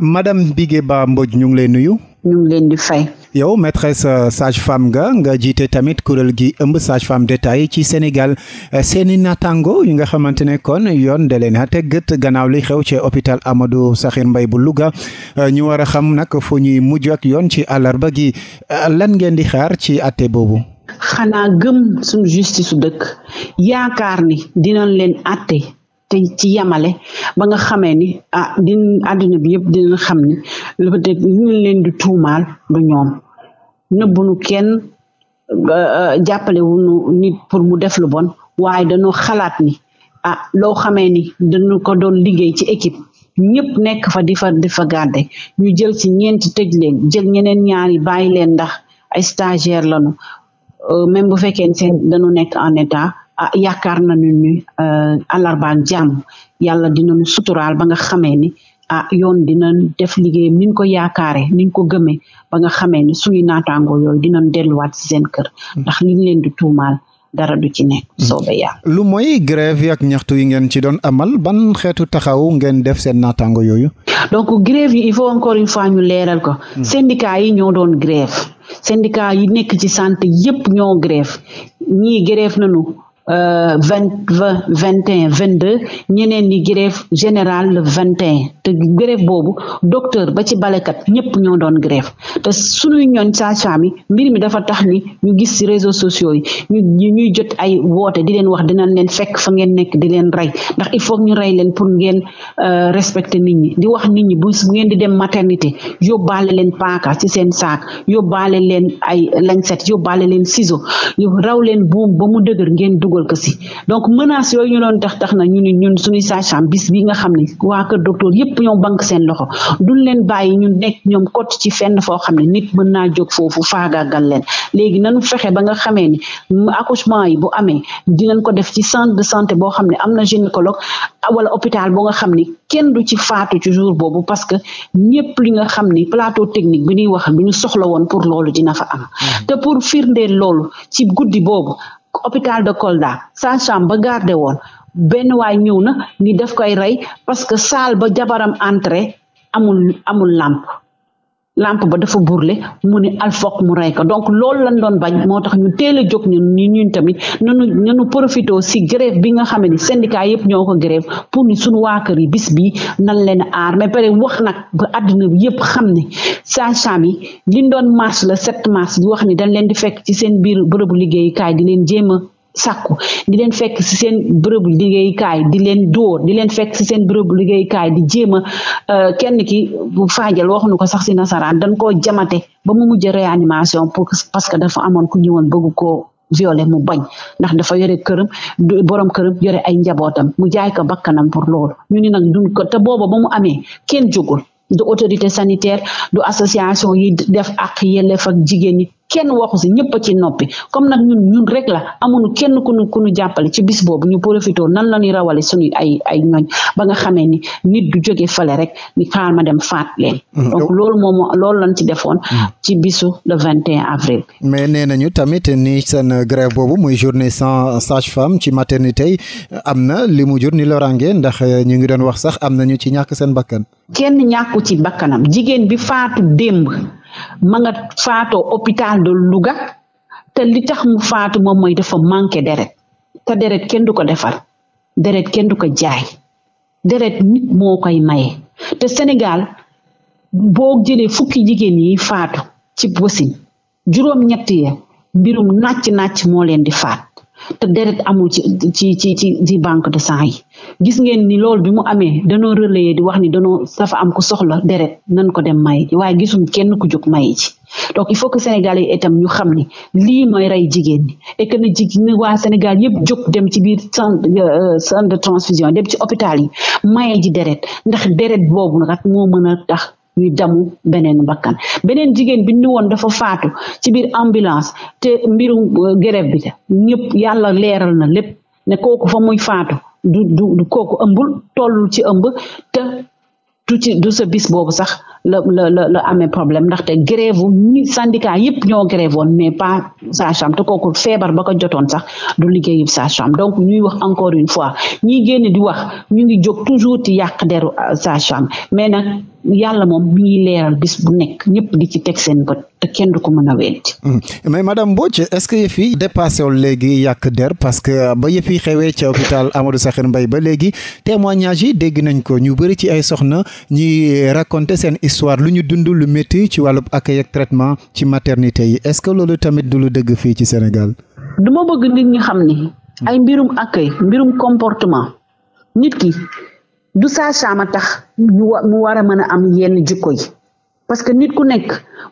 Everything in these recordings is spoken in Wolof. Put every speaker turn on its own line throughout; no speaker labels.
madame Bigué Ba Mbodj ñu ngi nuyu. ñu ngi leen di fay. yow maîtresse euh, sage-femme nga nga jiite tamit kuréel gi ëmb sage-femme d'État yi ci Sénégal euh, seeni natango yi nga xamante ne kon yoon de leen a gët gannaaw li xew ci hôpital Amadou Sakhir mbay bu Louga euh, ñu war a xam nag fu ñuy mujj yoon ci àllarba gi lan ngeen di xaar ci àtte boobu.
xanaa gëm suñu justice su dëkk yaakaar ni dinañ leen àtte. te ci yamale ba nga xamee ni ah din àddina bi yëpp dinañ xam ni peut-être ñu leen du tuumaal du ñoom nëbbunu kenn ah, jàppale wuñu nit pour mu def lu bon waaye dañoo xalaat ni ah loo xamee ni dañu ko doon liggéey ci équipe ñëpp nekk fa di fa di ñu jël ci ñeenti tëj leen jël ñeneen ñaari bàyyi leen ndax ay stagiaire la euh, même bu fekkee seen dañu nekk en état Ah, yaakaar nañu ni euh, àllarbaak jàmm yàlla dinañu suturaal ba nga xamee ni ah yoon dinañ def liggéey niñ ko yaakaare niñ ko gëmee ba nga xamee ni suñu naataango yooyu dinañ delluwaat si seen kër ndax liñ leen di tuumaal dara du ci nekk soobee
lu mooy grève yi ak ñaxtu yi ngeen ci doon amal ban xeetu taxaw ngeen def seen naataango yooyu.
donc grève yi il ñu leeral ko. Hmm. syndicat yi ñoo doon grève syndicat yi nekk ci santé yépp ñoo grève ñii grève nañu Euh, vingt vingt et un vingt deux ñeneen ñi grève générale le vingt et un boobu docteur ba ci balekat ñëpp ñoo doon grève te suñuy ñoon saasam yi mbir mi dafa tax ni ñu gis ci réseaux sociaux yi ñu ñuy jot ay woote di leen wax dinañ leen fekk fa ngeen nekk di leen rey ndax il faut ñu rey leen pour ngeen euh, respecter nit ñi di wax nit ñi bu ngeen di dem maternité yóbbaale leen paaka ci seen saak yóbbaale leen ay lañset yóbbaale leen ciseau raw leen buum ba mu dëgër ngeen dugg dugal ko si o menaces yooyu tax tax na ñu ni ñun suñuy sage-femme bis nga xam ne waa kër docteur yëpp ñoom banque seen loxo duñ leen bàyyi ñu nekk ñoom côté ci fenn foo xam ne nit mën naa jóg foofu faagaagal leen léegi nañu fexe ba nga xamee ni accouchement yi bu amee dinañ ko def ci centre de santé boo xam ne am na gynécologue wala hôpital boo nga xam ne kenn du ci faatu ci jour boobu parce que ñëpp li nga xam ni plateau technique bi ñuy wax bi ñu soxla woon pour loolu dina fa am mm. hôpital de Kolda sage-femme ba garde woon benn waay ñëw na ni daf koy rey parce que salle ba jabaram entré amul amul làmp lampe ba dafa le mu ne alfoq mu rek ko donc loolu lañ doon bañ moo tax ñu teel a jóg ñun ñu ñun tamit nanu nanu profité si grève bi nga xam ne syndicat yëpp ñoo ko grève pour ni suñu waa kër yi bis bi nan leen aar mais pare wax nag ba àdduna bi yëpp xam ne sage-femme li liñ doon marche le 7 mars di wax ni dañ leen di fekk ci seen biir bu bërëbu liggéeyukaay di leen jéem a sàkku di leen fekk si seen bërëbu liggéeykaay di leen dóor di leen fekk si seen bërëbu liggéeykaay di jéem a euh, kenn ki bu faajal waxuñu ko sax si nasaraan dañ koo jamate ba mu mujj réanimation pour parce que dafa amoon ku ñëwoon bëgg ko violé mu bañ ndax dafa yore këram borom këram yore ay njabootam mu jaay ko bakkanam pour loolu ñu ni nag ko te booba ba mu amee kenn jógul du autorité sanitaire du association yi def ak yelleef ak jigéen ñi kenn waxu si ñëpp a ci noppi comme nag ñun ñun rek la amuñu kenn ku ñu jàppale ci bis boobu ñu profité nan la ñuy rawale suñu ay ay ñooñ ba nga xamee ni nit du jóge fale rek ni xaar ma dem faat leen. Mm, mm. donc loolu moom loolu lañ ci defoon. Mm. ci bisu le vingt et un avril. mais
nee ñu tamit ni seen grève boobu muy journée sans sage-femme ci maternité am na li mu jur ni loraange ndax ñu ngi doon wax sax am na ñu ci ñàkk seen mbakkan
kenn ñàkku ci bakkanam jigéen bi faatu démb. ma nga hôpital de Louga te litax mu faatu moom mooy dafa manqué deret te deret kenn du ko defar deret kenn du ko jaay deret nit moo koy maye te Sénégal boo jëlee fukki jigéen yi faatu ci wasin juróom ñett ya mbirum nàcc nàcc moo leen di faat te deret amu ci ci ci ci ci banque de sang yi gis ngeen ni loolu bi mu amee danoo relayer di wax ni danoo dafa am ku soxla deret nan ko dem may ji waaye gisum kenn ku jóg may ji donc il faut que Sénégal yi itam ñu xam ni lii mooy rey jigéen ñi et que na jigéen waa Sénégal yëpp jóg dem ci biir euh, centre de transfusion dem ci hôpital yi maye ji deret ndax deret boobu nag moo mën a tax ñu damu beneen bakkan beneen jigéen bi ñu woon dafa faatu ci biir ambulance te mbirum euh, grève bi te ñëpp yàlla leeral na lépp ne kooku fa muy faatu du du kooku ëmbul tollul ci ëmb te du ci du sa boobu sax la la la la amee problème ndaxte grève ñi syndicat yëpp ñoo grève woon mais pas sage te kooku feebar ba ko jotoon sax du liggéeyu sage-femme donc ñuy wax encore une fois ñiy génn di wax ñu ngi jóg toujours ci yàq deru euh, sage-femme yàlla moom mi ngi leeral bis bu nekk ñëpp di ci teg seen bët te kenn du ko mën a weddi. Hmm. mais
madame Mbodj est-ce que yëf yi dépassé léegi yàq der parce que euh, ba yëf yi xewee ca hôpital Amadou Sakhir Mbaye ba léegi témoignage yi dégg nañ ko ñu bëri ci ay soxna ñi raconter seen histoire lu ñu dund lu métti ci wàllu accueil ak traitement ci maternité yi est-ce que loolu tamit du lu dëgg fii ci Sénégal.
duma bëgg nit ñi xam ni. ay mbirum accueil mbirum comportement nit ki du saasaama tax ñu wa mu war a mën a am yenn jikko yi parce que nit ku nekk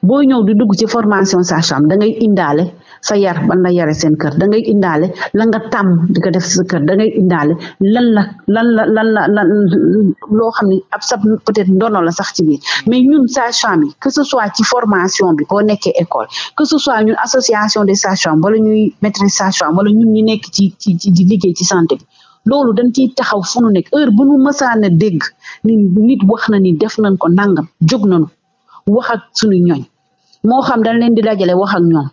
boo ñëw di dugg ci formation sage-femme da ngay indaale sa yar ban la yare seen kër da ngay indaale la nga tàmm di ko def sa kër dangay ngay indaale lan la lan la lan la lan loo xam ne ab sa peut-être ndono la sax ci biir mais ñun sage-femme yi que ce soit ci formation bi boo nekkee école que ce soit ñun association des sages wala ñuy maîtresse sage wala ñun ñu nekk ci ci ci di liggéey ci santé bi loolu dañ ciy taxaw fu nu nekk heure bu nu mësaan a dégg ni nit wax na ni def nañ ko nangam jóg nañu wax ak sunu ñooñ moo xam dañ leen di dajale wax ak ñoom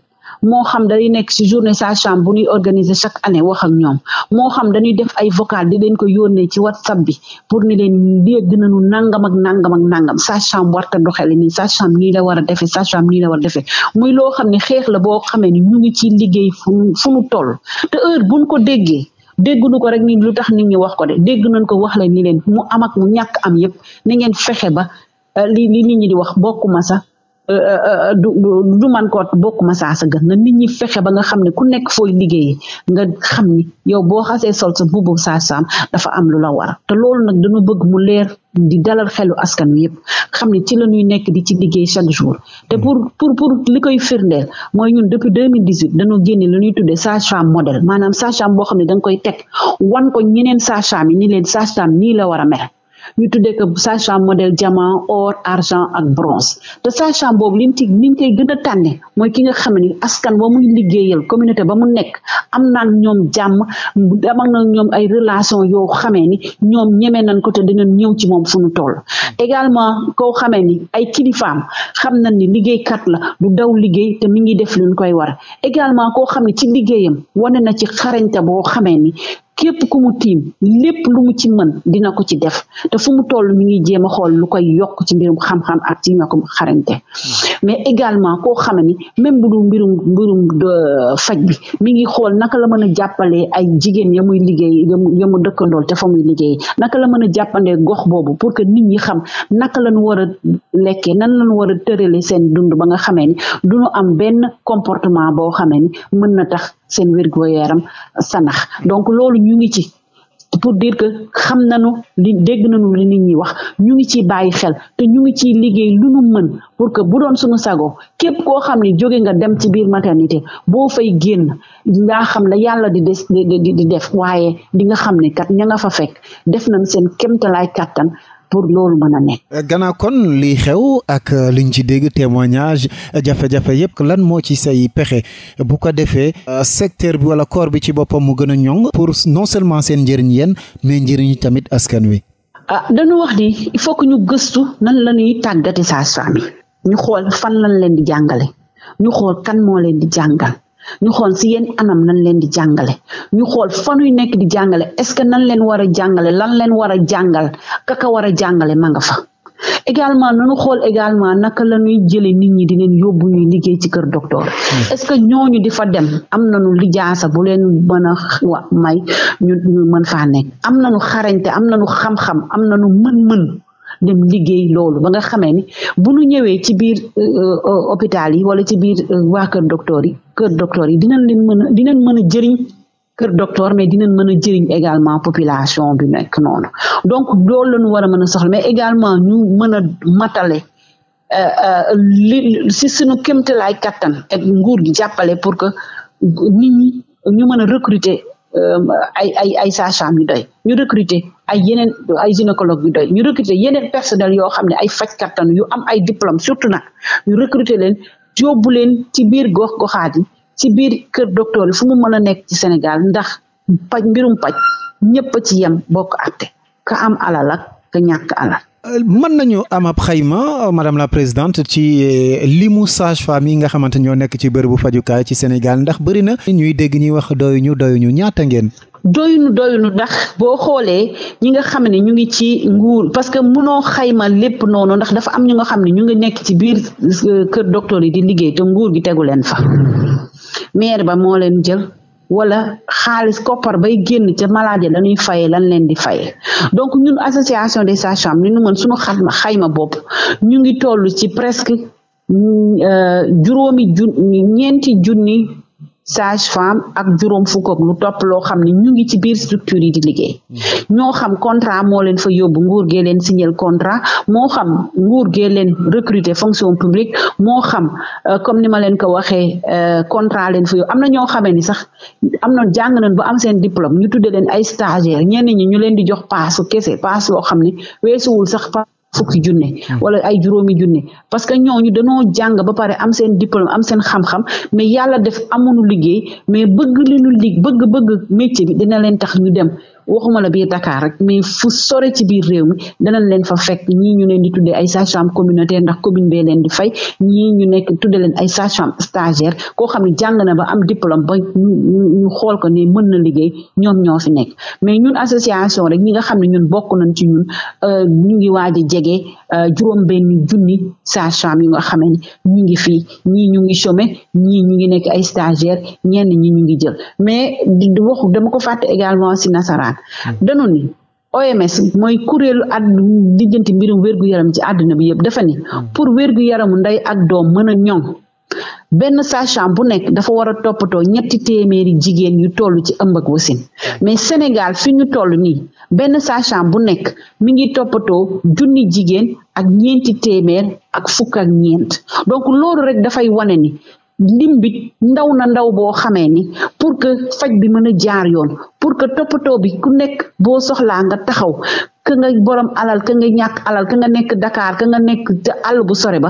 moo xam dañuy nekk ci journée sage bu ñuy organiser chaque année wax ak ñoom moo xam dañuy def ay vocal di leen ko yónnee ci whatsapp bi pour ni leen dégg nañu nangam ak nangam ak nangam sage-femme warta doxale nii sage-femme nii la war a defee sage-femme nii la war a defee muy loo xam ne xeex la boo xamee ni ñu ngi ci liggéey fu fu nu toll te heure buñ ko déggee déggunu ko rek ni lu tax nit ñi wax ko de dégg nañ ko wax la ni leen mu am mu ñàkk am yépp na ngeen fexe ba euh, li li nit ñi di wax bokkuma sax Euh, euh, euh, du du man koo bokk ma saa sa na ni ñi fexe ba nga xam ne ku nekk fooy liggéey nga xam ni yow boo xasee sol sa buubu saa saam dafa am lu la war te loolu nag dañu bëgg mu leer di dalal xelu askan wi yëpp xam ne ci la ñuy nekk di ci liggéey chaque jour te hmm. pour pour pour li koy firndeel mooy ñun depuis 2018 dañoo génne lu ñuy tuddee sage-femme modèle maanaam sage-femme boo xam ne da koy teg wan ko ñeneen sage-femme ni leen sage-femme la war a mel ñu tuddee ko sage-femme modèle diamant or argent ak bronze te sage-femme boobu li mu ci ni ñu koy gën a tànne mooy ki nga xam ni askan ba muy liggéeyal communauté ba mu nekk am naa ñoom jàmm am na ñoom ay relation yoo xamee ni ñoom ñemee nañ ko te dinañ ñëw ci moom fu ñu toll également ko xamee ni ay kilifaam xam nañ ni liggéeykat la du daw liggéey te mi ngi def luñ koy war également koo xam ne ci liggéeyam wane na ci xarañte boo xamee képp ku mu tiim lépp lu mu ci mën dina ko ci def te fu mu toll mi ngi jéem a xool lu koy yokk ci mbirum xam-xam ak ci ñàkkum xarañte hmm. mais également koo xam ni même bu dul mbirum mbirum faj bi mi ngi xool naka la mën a jàppalee ay jigéen ya muy liggéey ya mu dëkkandool te fa liggéey naka la mën a jàppalee gox boobu pour que nit ñi xam naka lañu war a lekkee nan lañu war a tërale seen dund ba nga xamee ni dunu am benn comportement boo xamee ni mën na tax seen wér-gu-yaram sanax donc loolu ñu ngi ci pour dire que xam nañu li dégg nañu li nit ñi wax ñu ngi ciy bàyyi xel te ñu ngi ciy liggéey lu nu mën pour que bu doon suñu sago képp koo xam ni jóge nga dem ci biir maternité boo fay génn ngaa xam la yàlla di des di di def waaye di nga xam ne kat ña nga fa fekk def nañ seen kéemtalaay kàttan pour loolu mën a nekk.
Euh, gannaaw kon li xew ak euh, liñ ci dégg témoignage euh, jafe-jafe yëpp lan moo ci say pexe bu ko defee secteur bi wala koor bi ci boppam mu gën a ñoŋ pour non seulement seen njëriñ yéen mais njëriñu tamit askan wi.
ah dañu wax di fokk ñu gëstu nan lañuy tàggati saa su ñu xool fan lañ leen di jàngale ñu xool kan moo leen di jàngal. ñu xool si yenn anam nan leen di jàngale ñu xool fanuy nekk di jàngale est-ce que nan leen war a jàngale lan leen war a jàngal kaka war a jàngale ma fa également nañu xool également naka la ñuy jële nit ñi di leen yóbbu liggéey ci kër docteur hmm. est-ce que ñooñu di fa dem am na nañu lijaasa bu leen mën a wa may ñu ñu mën faa nekk am nañu xarañte am nañu xam-xam am na nañu mën-mën dem liggéey loolu ba nga xamee ni bu ñu ñëwee ci biir euh, euh, hôpital yi wala ci biir euh, waa kër docteur yi kër docteur yi dina leen mën a dinañ mën a jëriñ kër docteur mais dinañ mën a jëriñ également population bi nekk noonu donc loolu lañu war a mën a soxla mais également ñu mën a matale euh, euh, li si suñu kémtalaay kattan ak nguur gi jàppale pour que nit ñi ñu mën a recruter euh, ay ay ay sage-femme yu doy ñu recruter ay yeneen ay gynécologue yu doy ñu recruter yeneen personnel yoo xam ne ay faj kattan yu am ay diplôme surtout nag ñu recruter leen yóbbu leen ci biir gox goxaat yi ci biir kër docteur yi fu mu mën a nekk ci Sénégal ndax paj mbirum paj ñëpp a ci yem bokk àtte ka am alal ak ka ñàkk alal.
Euh, mën nañu am ab xayma euh, madame la présidente ci euh, limu sage-femme yi nga xamante ñoo nekk ci bërëbu fajukaay ci Sénégal ndax bëri na ñuy dégg ñuy wax doyuñu doyuñu ñaata ngeen.
doyunu doyunu ndax boo xoolee ñi nga xam ne ñu ngi ci nguur parce que mënoo xayma lépp noonu ndax dafa am ñu nga xam ne ñu ngi nekk ci biir euh, kër docteur yi di liggéey te nguur gi tegu leen fa maire ba moo leen jël wala xaalis koppar bay génn ca maladie lañuy fayee lan leen di faye donc ñun association des sages-femmes li ñu mën suñu xatma xayma bopp ñu ngi toll ci presque mm, euh, juróomi jun ñeenti junni sage ak juróom fukk ak lu topp loo xam ne ñu ngi ci biir structure yi di liggéey mm. ñoo xam contrat moo leen fa yóbbu nguur gee leen signer contrat moo xam nguur gee leen recruter fonction publique moo xam euh, comme ni ma leen ko waxee euh, contrat leen fa yóbbu am na ñoo xamee ni sax am na jàng nañ ba am seen diplôme ñu tudde leen ay stagiaire ñenn ñi ñu leen di jox paasu kese paas loo xam ne weesuwul sax fukki junne hmm. wala ay juróomi junne parce que ñooñu dañoo jàng ba pare am seen diplôme am seen xam-xam mais yàlla def amuñu liggéey mais bëgg li ñu lig bëgg bëgg métier bi dina leen tax ñu dem waxuma la biir Dakar rek mais fu sore ci biir réew mi danañ leen fa fekk ñii ñu leen di tuddee ay sage-femme communautaire ndax commune bee leen di fay ñii ñu nekk tuddee leen ay sage-femme stagiaire koo xam ne jàng na ba am diplôme ba ñu xool ko ne mën na liggéey ñoom ñoo fi nekk mais ñun association rek ñi nga xam ne ñun bokk nañ ci ñun euh, ñu ngi waaj a jege euh, juróom benn junni sage-femme yi nga xam ne ngi fii ñii ñu ngi chômer ñii ñu ngi nekk ay stagiaire ñenn ñi ñu ngi jël mais di wax dama ko fàtte également si nasaraan Mm. dañu ni OMS mooy kuréelu at lijjanti mbirum wér-gu-yaram ci àddina bi yëpp dafa ni mm. pour wér-gu-yaramu ndey ak doom mën a ñoŋ benn sage bu nekk dafa war a toppatoo ñetti téeméeri jigéen yu toll ci ëmb ak wasin mm. mais Sénégal fi ñu toll nii benn sage bu nekk mi ngi toppatoo junni jigéen ak ñeenti téeméer ak fukk ak ñeent donc loolu rek dafay wane ni lim bi ndaw na ndaw boo xamee ni pour que faj bi mën a jaar yoon pour que toppatoo bi ku nekk boo soxlaa nga taxaw ka nga borom alal ka nga ñàkk alal ka nga nekk Dakar ka nga nekk àll bu sore ba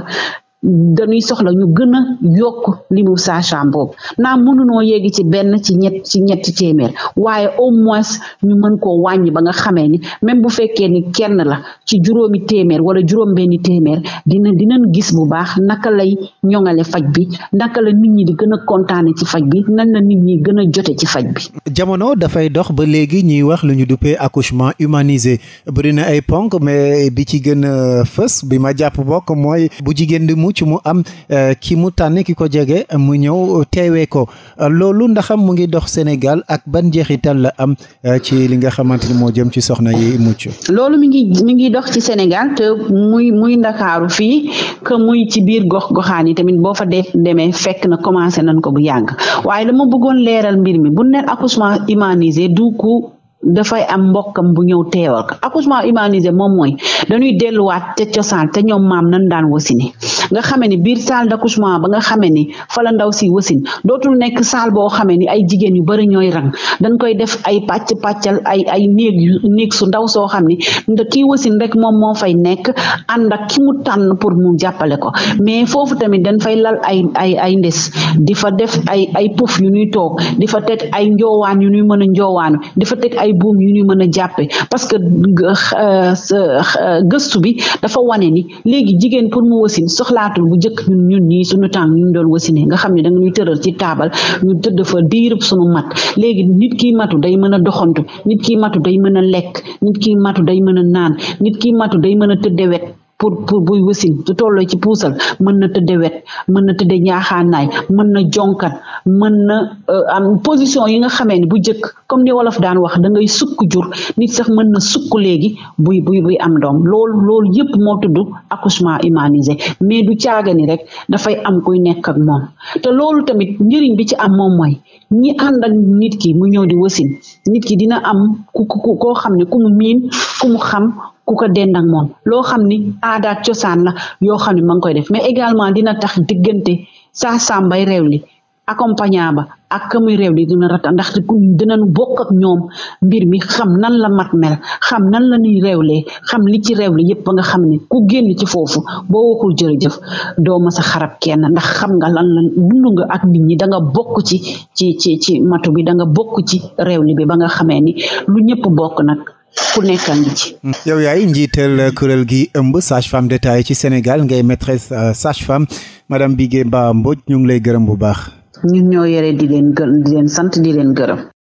dañuy soxla ñu gën a yokk limu sage-femme boobu naa mënunoo yegg ci benn ci ñett ci ñetti téeméer waaye au moins ñu mën koo wàññi ba nga xamee ni même bu fekkee ni kenn la ci juróomi téeméer wala juróom benni téeméer dina dinañ gis bu baax naka lay ñoŋale faj bi naka la nit ñi di gën a kontaane ci faj bi nan la nit ñi gën a jote ci faj bi
jamono dafay dox ba léegi ñuy wax lañu ñu duppee accouchement humanisé bëri na ay ponk mais bi ci gën a fës bi ma jàpp bokk mooy bu jaamu ci mu am eh, ki mu tànn ki ko jege mu ñëw teewee ko loolu ndaxam mu ngi dox Sénégal ak ban njeexital la am eh, ci li nga xamante moo jëm ci soxna yi mucc.
loolu mi ngi mi ngi dox ci Sénégal te muy muy ndakaaru fii que muy ci biir gox goxaan yi tamit boo fa de demee fekk na commencé nañ ko bu yàgg waaye dama bëggoon leeral mbir mi bu ne accouchement humanisé du ko dafay am mbokkam bu ñëw teewal ko accouchement humanisé moom mooy dañuy delluwaat ca cosaan te ñoom maam nan daan wasine nga xamee ni biir salle d'accouchement ba nga xamee ni fa ndaw si wasin dootul nekk salle boo xamee ni ay jigéen yu bëri ñooy rang dañ koy def ay pacc pàccal ay ay néeg néeg su ndaw soo xam ni kii wasin rek moom moo fay nekk ànd ak ki mu tànn pour mu jàppale ko mais foofu tamit dañ fay lal ay ay ay ndes di fa def ay ay puuf yu ñuy toog di fa teg ay njoowaan yu ñuy mën a njoowaanu ay yu ñu mën a jàppe parce que euh, euh, euh, gëstu bi dafa wane ni léegi jigéen pour mu wasin soxlaatul bu njëkk ñun ñun ñii suñu temps ñu doon wasine nga xam ne da nga ñuy tëral ci taabal ñu tëdd fa diirub suñu mat léegi nit kiy matu day mën a doxantu nit kiy matu day mën a lekk nit kiy matu day mën a naan nit kiy matu day mën a tëdde wet pour pour buy wasin du tolloo ci puusal mën na tëdde wet mën na tëdde ñaaxaanaay mën na jonkan mën na euh, am position yi nga xamee ne bu jëkk comme ni wolof daan wax da ngay sukk jur nit sax mën na sukk léegi buy buy buy am doom loolu loolu yëpp moo tudd accouchement humanisé mais du caaga ni rek dafay am kuy nekk ak moom te loolu tamit njëriñ bi ci am moom mooy ñi ànd nit ki mu ñëw di wasin nit ki dina am ku koo xam ne ku mu miin ku xam ku ko dend ak moom loo xam ni aada cosaan la yoo xam ne ma ngi koy def mais également dina tax diggante saa sàmbay réew li accompagnant ba ak muy réew li dina rata ndax dinañ bokk ak ñoom mbir mi xam nan la mat mel xam nan la ñuy réewlee xam li ci réew li yépp ba nga xam ne ku génn ci foofu boo waxul jërëjëf doo ma sa xarab kenn ndax xam nga lan la dund nga ak nit ñi da nga bokk ci ci ci ci matu bi da nga bokk ci réew li bi ba nga xamee ni lu ñëpp bokk nag ku nekk a
yow yaay njiiteel euh, kuréel gi ëmb sage femme ci Sénégal ngay maîtresse euh, sage femme madame Bigué Ba Mbodj ñu ngi lay gërëm bu baax.
ñun ñoo yore di leen sant di leen gërëm.